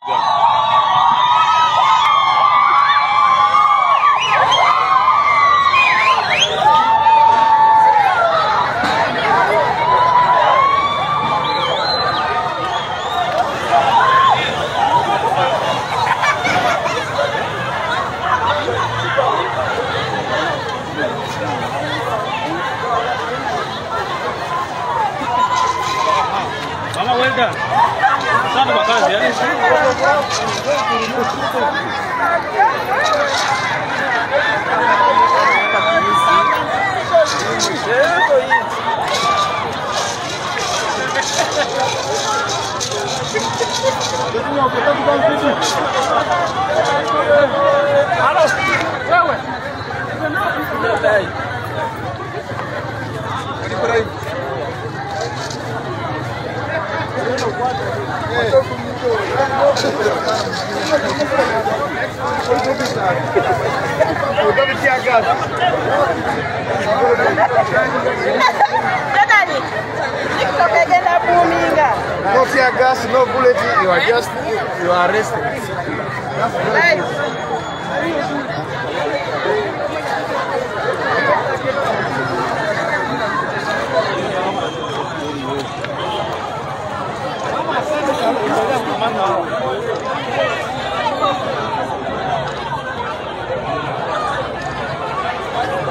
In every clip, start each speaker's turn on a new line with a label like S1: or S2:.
S1: Vamos, Wendel. Sabe uma casa dela? Alô? No tear gas, no bullet, you are just, you are arrested.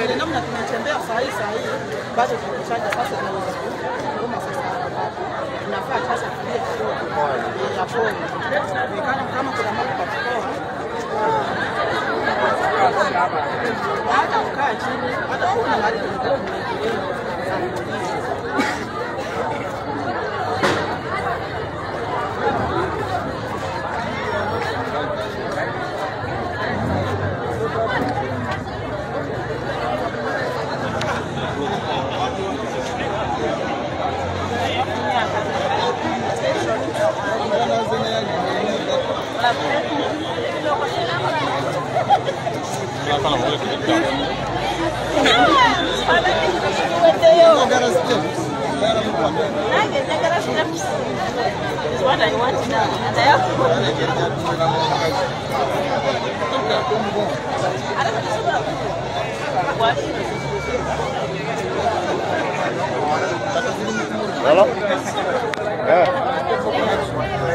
S1: mbele, namna tunatembea sahihi sahihi, bado tunachaja sasa, tunaweza kuomba sasa tunafaa sasa tulie kidogo ya pole, kama kuna mambo patikao hata ukaa chini, hata kuna mahali kidogo That's what I want now. Hello? Yeah.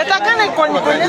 S1: ayo, kana ikonyi kwenye